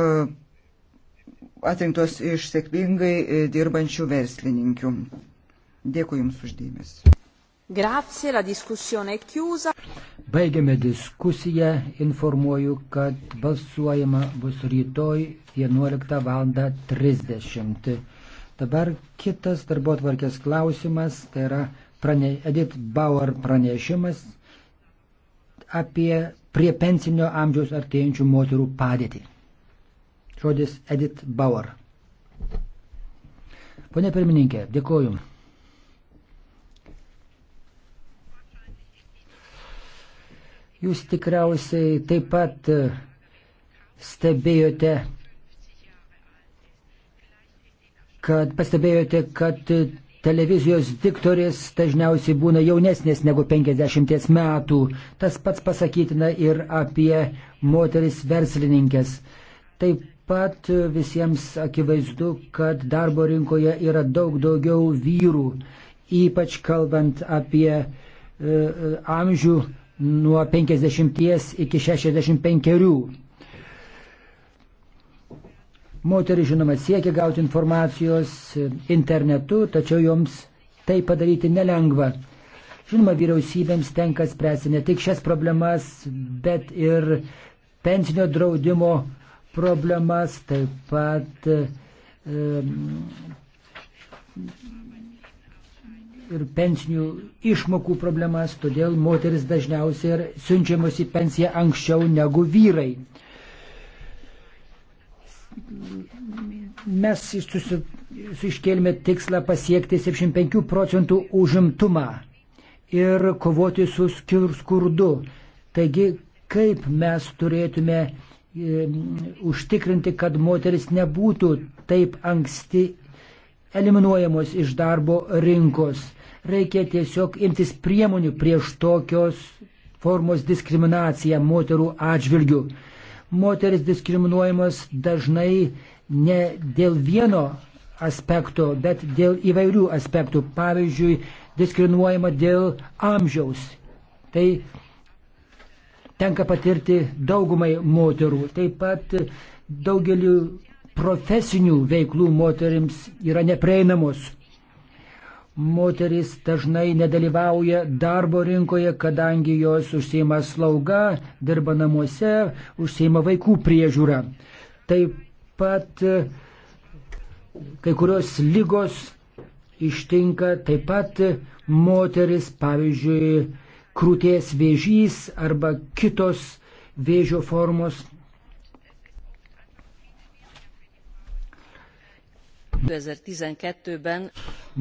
E, atrinktos iš sėkmingai e, dirbančių verslininkių. Dėkui Jums uždėmesi. Grazie, la diskusione è chiusa. Baigiame diskusiją, informuoju, kad balsuojama bus rytoj 11.30. Dabar kitas darbo tvarkės klausimas, tai yra prane, Edith Bauer pranešimas apie prie pensinio amžiaus artėjančių moterų padėtį žodis Edith Bauer. Pone pirmininkė, dėkoju. Jūs tikriausiai taip pat stebėjote, kad pastebėjote, kad televizijos diktorės dažniausiai būna jaunesnės negu 50 metų. Tas pats pasakytina ir apie moteris verslininkės. Taip pat visiems akivaizdu, kad darbo rinkoje yra daug daugiau vyrų, ypač kalbant apie e, e amžių nuo 50 iki 65. Moteris, žinoma, siekia gauti informacijos internetu, tačiau joms tai padaryti nelengva. Žinoma, vyriausybėms tenka spręsti ne tik šias problemas, bet ir pensinio draudimo problemas, taip pat ir pensinių išmokų problemas, todėl moteris dažniausiai ir siunčiamos į pensiją anksčiau negu vyrai. Mes iškėlėme tikslą pasiekti 75 procentų užimtumą ir kovoti su skurdu. Taigi, kaip mes turėtume uh, užtikrinti, kad moteris nebūtų taip anksti eliminuojamos iš darbo rinkos. Reikia tiesiog imtis priemonių prieš tokios formos diskriminaciją moterų atžvilgių. Moteris diskriminuojamos dažnai ne dėl vieno aspekto, bet dėl įvairių aspektų. Pavyzdžiui, diskriminuojama dėl amžiaus. Tai tenka patirti daugumai moterų. Taip pat daugeliu profesinių veiklų moterims yra neprieinamos. Moteris dažnai nedalyvauja darbo rinkoje, kadangi jos užsima slauga, dirba namuose, užsima vaikų priežiūrą. Taip pat e, kai kurios lygos ištinka taip pat moteris, pavyzdžiui, krūties vėžys arba kitos vėžio formos.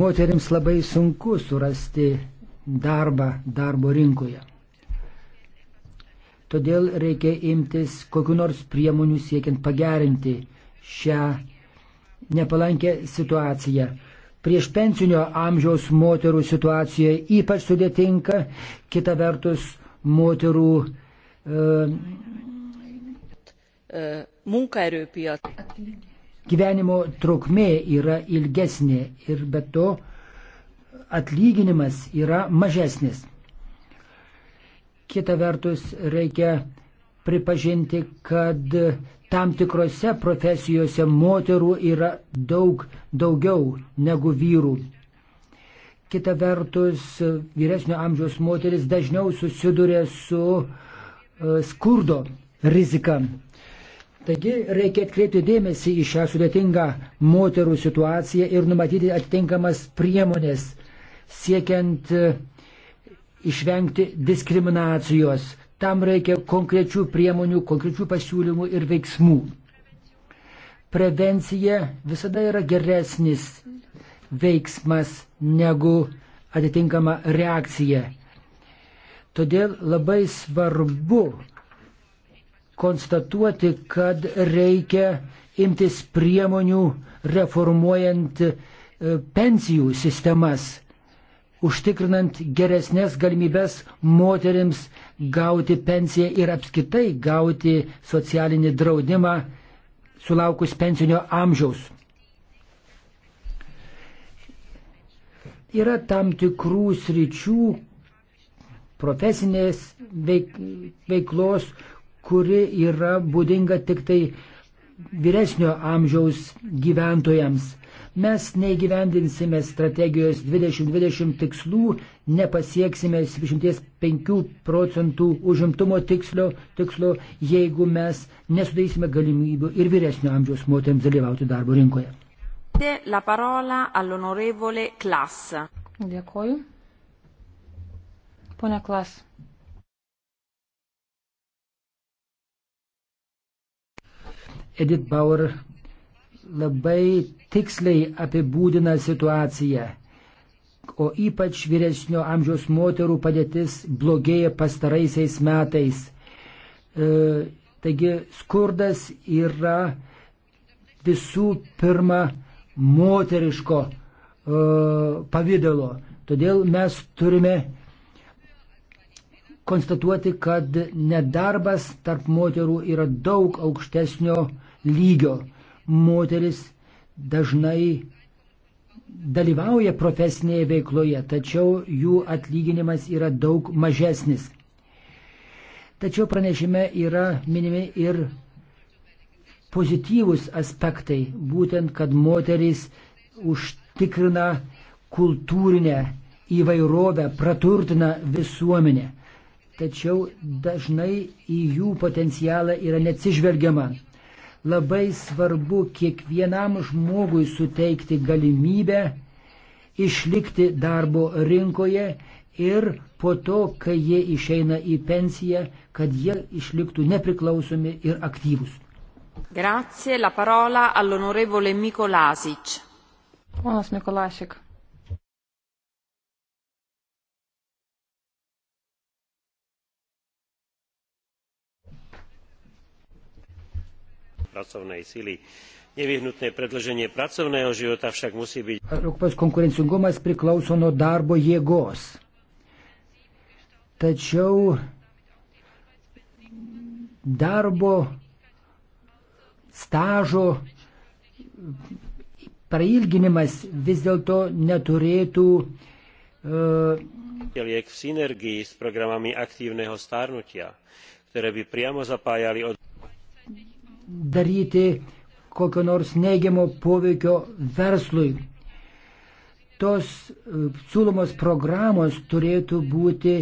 Moterims labai sunku surasti darbą darbo rinkoje. Todėl reikia imtis kokiu nors priemonių siekiant pagerinti šią nepalankę situaciją prieš pensinio amžiaus moterų situacija ypač sudėtinga, kita vertus moterų. E, e gyvenimo trukmė yra ilgesnė ir be to atlyginimas yra mažesnis. Kita vertus reikia pripažinti, kad tam tikrose profesijose moterų yra daug daugiau negu vyrų. Kita vertus, vyresnio amžiaus moteris dažniau susiduria su e, skurdo rizika. Taigi reikia atkreipti dėmesį į šią sudėtingą moterų situaciją ir numatyti atitinkamas priemonės siekiant e, išvengti diskriminacijos. Tam reikia konkrečių priemonių, konkrečių pasiūlymų ir veiksmų. Prevencija visada yra geresnis veiksmas negu atitinkama reakcija. Todėl labai svarbu konstatuoti, kad reikia imtis priemonių reformuojant e, pensijų sistemas užtikrinant geresnės galimybės moteriams gauti pensiją ir apskaitai gauti socialinį draudimą sulaukus pensinio amžiaus. Yra tam tikrų sričių profesinės veik, veiklos, kuri yra būdinga tik tai vyresnio amžiaus gyventojams mes neįgyvendinsime strategijos 2020 tikslų, nepasieksime 75 procentų užimtumo tikslo, tikslo, jeigu mes nesudarysime galimybių ir vyresnio amžiaus moteriams dalyvauti darbo rinkoje. Dėkoju. Pone Klas. Edith Bauer labai tiksliai apibūdina situaciją, o ypač vyresnio amžiaus moterų padėtis blogėja pastaraisiais metais. E, taigi skurdas yra visų pirma moteriško e, pavydalo. Todėl mes turime konstatuoti, kad nedarbas tarp moterų yra daug aukštesnio lygio. Moteris dažnai dalyvauja profesinėje veikloje, tačiau jų atlyginimas yra daug mažesnis. Tačiau pranešime yra minimi ir pozityvūs aspektai, būtent kad moterys užtikrina kultūrinę įvairovę, praturtina visuomenę. Tačiau dažnai į jų potencialą yra neatsižvelgiama. Labai svarbu kiekvienam žmogui suteikti galimybę išlikti darbo rinkoje ir po to, kai jie išeina į pensiją, kad jie išliktų nepriklausomi ir aktyvus. Grazie, la parola all'onorevole Mikolasic. Ponas Mikolašik. pracovnej sily. Nevyhnutné predlženie pracovného života však musí byť. Europos konkurencingumas priklauso nuo darbo jėgos. Tačiau darbo stažo prailginimas vis dėlto neturėtų. Uh, e, v synergii s programami aktívneho stárnutia, ktoré by priamo zapájali od daryti kokio nors neigiamo poveikio verslui. Tos e, siūlomos programos turėtų būti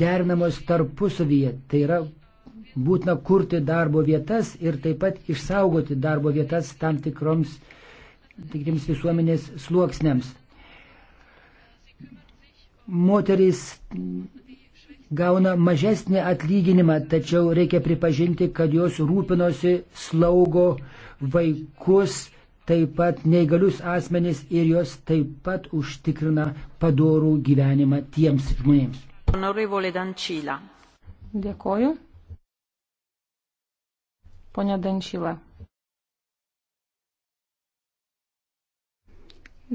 derinamos tarpusavyje. Tai yra būtina kurti darbo vietas ir taip pat išsaugoti darbo vietas tam tikroms, tikrims visuomenės sluoksniams. Moterys gauna mažesnį atlyginimą, tačiau reikia pripažinti, kad jos rūpinosi slaugo vaikus, taip pat neįgalius asmenys ir jos taip pat užtikrina padorų gyvenimą tiems žmonėms. Dėkoju. Pone Dančyla.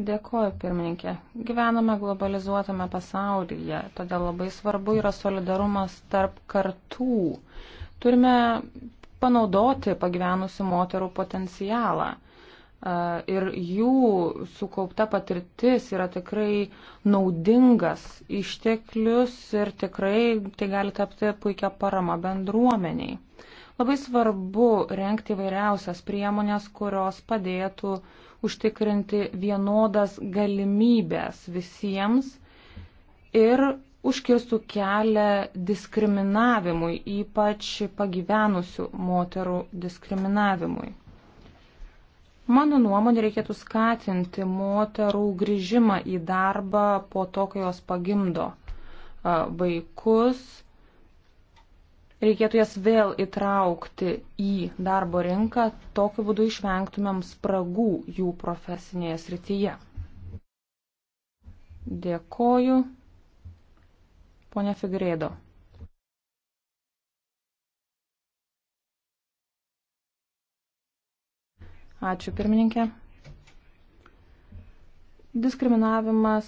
Dėkoju, pirmininkė. Gyvename globalizuotame pasaulyje, todėl labai svarbu yra solidarumas tarp kartų. Turime panaudoti pagyvenusių moterų potencialą. Ir jų sukaupta patirtis yra tikrai naudingas išteklius ir tikrai tai gali tapti puikia parama bendruomeniai. Labai svarbu renkti vairiausias priemonės, kurios padėtų užtikrinti vienodas galimybės visiems ir užkirstų kelią diskriminavimui, ypač pagyvenusių moterų diskriminavimui. Mano nuomonė reikėtų skatinti moterų grįžimą į darbą po to, kai jos pagimdo vaikus reikėtų jas vėl įtraukti į darbo rinką, tokiu būdu išvengtumėm spragų jų profesinėje srityje. Dėkoju. Pone Figrėdo. Ačiū pirmininkė. Diskriminavimas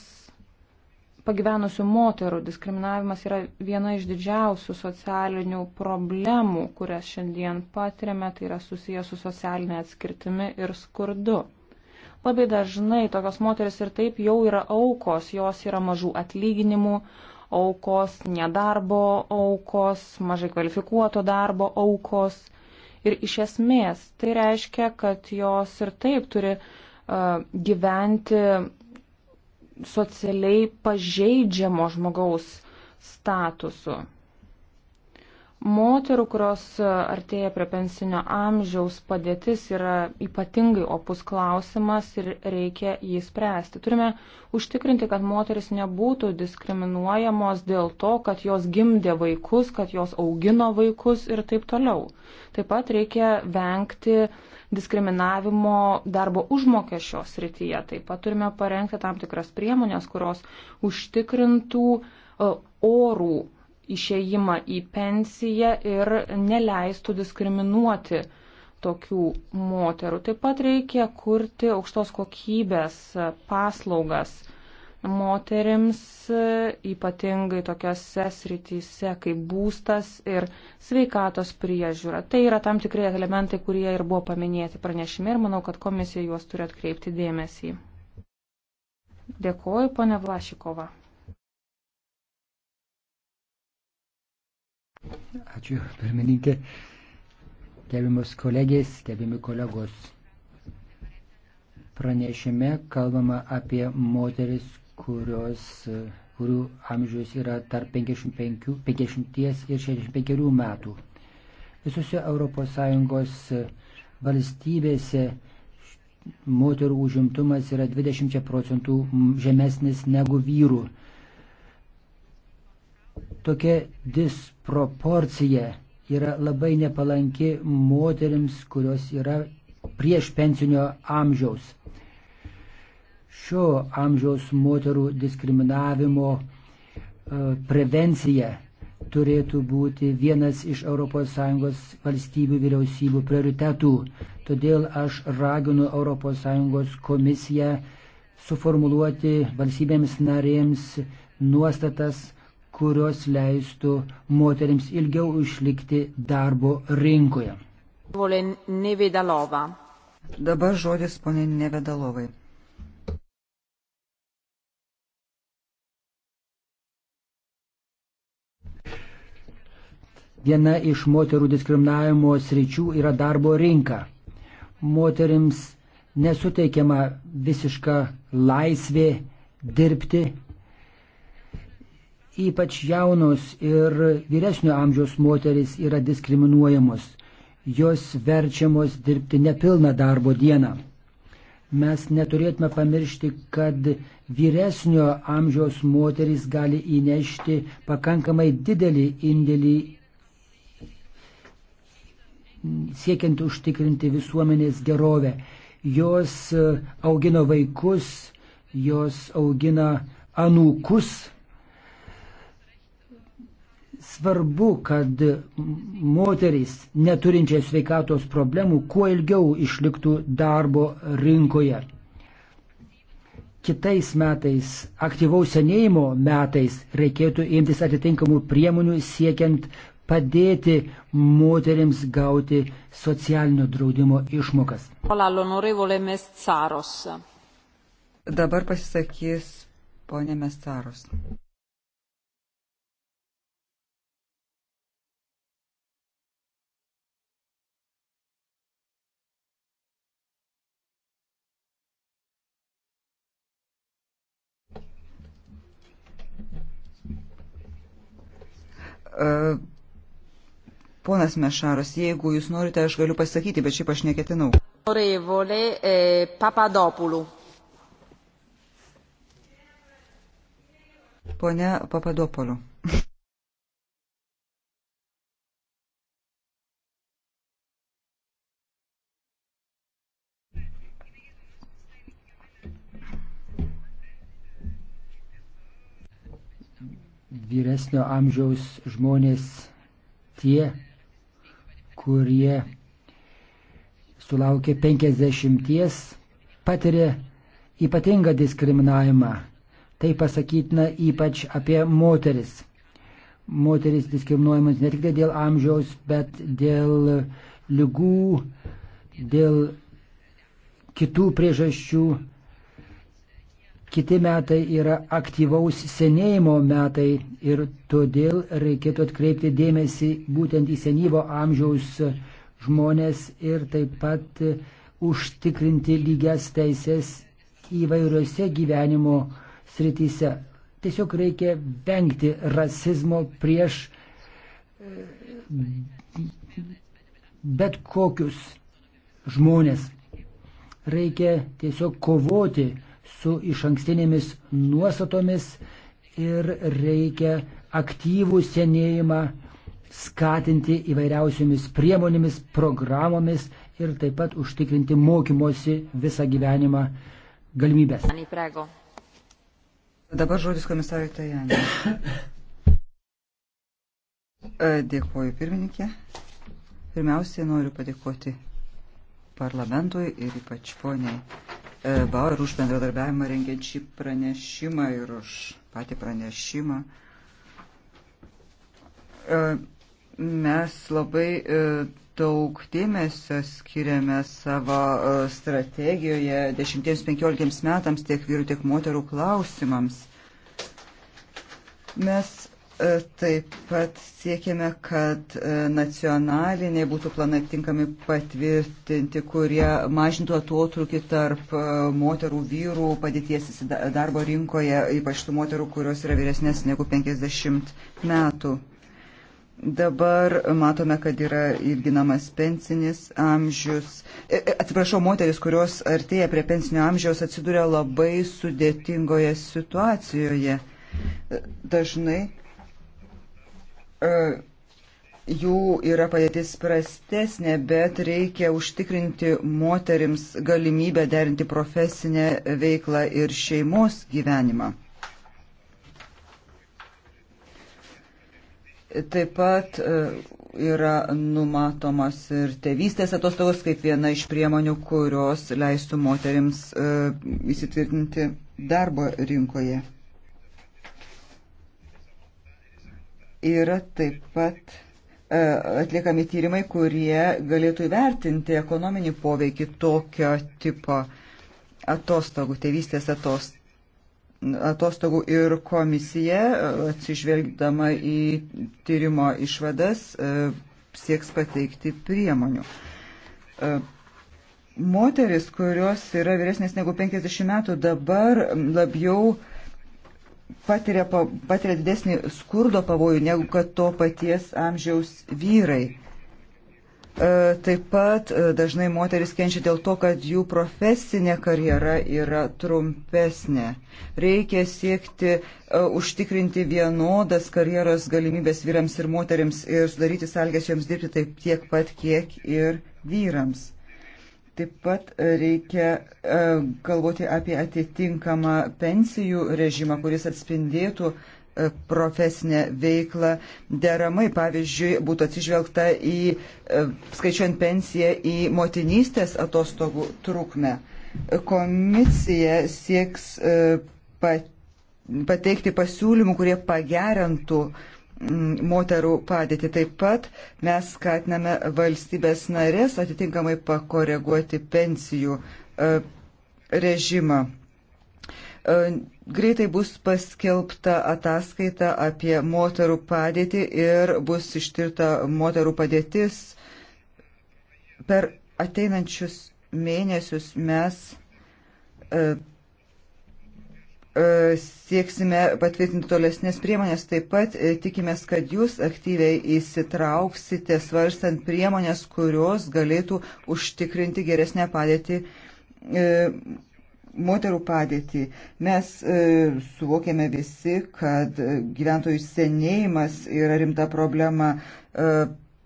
pagyvenusių moterų diskriminavimas yra viena iš didžiausių socialinių problemų, kurias šiandien patiriame, tai yra susijęs su socialinė atskirtimi ir skurdu. Labai dažnai tokios moteris ir taip jau yra aukos, jos yra mažų atlyginimų aukos, nedarbo aukos, mažai kvalifikuoto darbo aukos. Ir iš esmės tai reiškia, kad jos ir taip turi uh, gyventi socialiai pažeidžiamo žmogaus statusu. Moterų, kurios artėja prie pensinio amžiaus padėtis yra ypatingai opus klausimas ir reikia jį spręsti. Turime užtikrinti, kad moteris nebūtų diskriminuojamos dėl to, kad jos gimdė vaikus, kad jos augino vaikus ir taip toliau. Taip pat reikia vengti uh, diskriminavimo darbo užmokesčio srityje. Taip pat turime parengti tam tikras priemonės, kurios užtikrintų e, orų išėjimą į pensiją ir neleistų diskriminuoti tokių moterų. Taip pat reikia kurti aukštos kokybės paslaugas moterims, ypatingai tokiose srityse kaip būstas ir sveikatos priežiūra. Tai yra tam tikrai elementai, kurie ir buvo paminėti pranešime ir manau, kad komisija juos turi atkreipti dėmesį. Dėkoju, ponia Vlašikova. Ačiū, pirmininkė. Gerbiamus kolegės, gerbiami kolegos. Pranešime kalbama apie moteris, kurios, e, kurių amžius yra tarp 55, 50 ir 65 metų. Visose ES e, valstybėse moterų užimtumas yra 20 procentų žemesnis negu vyrų. Tokia disproporcija yra labai nepalanki moteriams, kurios yra prieš pensinio amžiaus šio amžiaus moterų diskriminavimo e, prevencija turėtų būti vienas iš ES valstybių vyriausybių prioritetų. Todėl aš raginu ES komisiją suformuluoti valstybėms narėms nuostatas, kurios leistų moteriams ilgiau išlikti darbo rinkoje. Dabar žodis ponė Nevedalovai. Viena iš moterų diskriminavimo sričių yra darbo rinka. Moterims nesuteikiama visiška laisvė dirbti. Ypač jaunos ir vyresnio amžiaus moteris yra diskriminuojamos. Jos verčiamos dirbti nepilną darbo dieną. Mes neturėtume pamiršti, kad vyresnio amžiaus moteris gali įnešti pakankamai didelį indėlį siekiant užtikrinti visuomenės gerovę. Jos e, augino vaikus, jos augina anūkus. Svarbu, kad moterys neturinčios sveikatos problemų kuo ilgiau išliktų darbo rinkoje. Kitais metais, aktyvaus senėjimo metais, reikėtų imtis atitinkamų priemonių siekiant padėti moteriams gauti socialinio draudimo išmokas. Dabar pasisakys ponė Mestaros. Uh Ponas Mešaras, jeigu jūs norite, aš galiu pasakyti, bet šiaip aš neketinau. Orevole eh, Papadopoulou. Pone Papadopoulou. Vyresnio amžiaus žmonės tie kurie sulaukia 50, patiria ypatingą diskriminavimą. Tai pasakytina ypač apie moteris. Moteris diskriminuojamas ne tik dėl amžiaus, bet dėl lygų, dėl kitų priežasčių Kiti metai yra aktyvaus senėjimo metai ir todėl reikėtų atkreipti dėmesį būtent į senyvo amžiaus žmonės ir taip pat užtikrinti lygias teisės įvairiose gyvenimo srityse. Tiesiog reikia vengti rasizmo prieš e, bet kokius žmonės. Reikia tiesiog kovoti su iš ankstinėmis nuostatomis ir reikia aktyvų senėjimą skatinti įvairiausiomis priemonėmis, programomis ir taip pat užtikrinti mokymosi visą gyvenimą galimybės. Dabar žodis komisarui Tajanė. E, dėkuoju pirmininkė. Pirmiausiai noriu padėkoti parlamentui ir ypač poniai Bauer už bendradarbiavimą rengiant šį pranešimą ir už patį pranešimą. E, mes labai e, daug dėmesio skiriame savo e, strategijoje 10-15 metams tiek vyrų, tiek moterų klausimams. Mes E, taip pat siekiame, kad e, nacionaliniai būtų planai tinkami patvirtinti, kurie mažintų atotrukį tarp e, moterų vyrų padėties darbo rinkoje, ypač tų moterų, kurios yra vyresnės negu 50 metų. Dabar matome, kad yra ilginamas pensinis amžius. Atsiprašau, moteris, kurios artėja prie pensinio amžiaus, atsiduria labai sudėtingoje situacijoje. Dažnai E, jų yra padėtis prastesnė, bet reikia užtikrinti moterims galimybę derinti profesinę veiklą ir šeimos gyvenimą. Taip pat e, yra numatomas ir tėvystės atostogos kaip viena iš priemonių, kurios leistų moteriams e, įsitvirtinti darbo rinkoje. yra taip pat e, atliekami tyrimai, kurie galėtų įvertinti ekonominį poveikį tokio tipo atostogų, tėvystės atostogų atostogų ir komisija, atsižvelgdama į tyrimo išvadas, e, sieks pateikti priemonių. E, moteris, kurios yra vyresnės negu 50 metų, dabar labiau uh, patiria, patiria didesnį skurdo pavojų negu kad to paties amžiaus vyrai. E, taip pat e, dažnai moteris kenčia dėl to, kad jų profesinė karjera yra trumpesnė. Reikia siekti uh, užtikrinti vienodas karjeros galimybės vyrams ir moteriams ir sudaryti sąlygas joms dirbti taip tiek pat, kiek ir vyrams. Taip pat e, reikia e, galvoti apie atitinkamą pensijų režimą, kuris atspindėtų e, profesinę veiklą deramai. Pavyzdžiui, būtų atsižvelgta į, skaičiuojant pensiją, į motinystės atostogų trukmę. Komisija sieks pateikti pasiūlymų, kurie pagerintų uh, Mm, moterų padėtį. Taip pat mes skatiname valstybės narės atitinkamai pakoreguoti pensijų e, režimą. E, greitai bus paskelbta ataskaita apie moterų padėtį ir bus ištirta moterų padėtis. Per ateinančius mėnesius mes e, E, sieksime patvirtinti tolesnės priemonės. Taip pat e, tikimės, kad jūs aktyviai įsitrauksite svarstant priemonės, kurios galėtų užtikrinti geresnę padėtį, e, moterų padėtį. Mes e, suvokėme visi, kad gyventojų senėjimas yra rimta problema. E,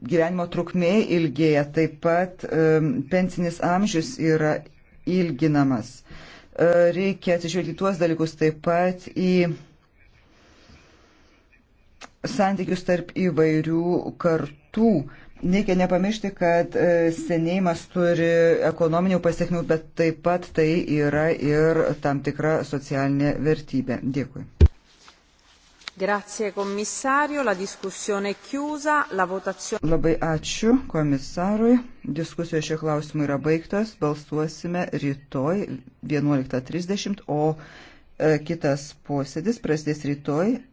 gyvenimo trukmė ilgėja, taip pat e, pensinis amžius yra ilginamas reikia atsižvelgti tuos dalykus taip pat į santykius tarp įvairių kartų. Reikia nepamiršti, kad e, senėjimas turi ekonominių pasiekmių, bet taip pat tai yra ir tam tikra socialinė vertybė. Dėkui. Grazie komisario, la discussione è chiusa, la votazione. Labai ačiū komisarui. Diskusijos šio klausimu yra baigtas. Balsuosime rytoj 11.30, o e, kitas posėdis prasidės rytoj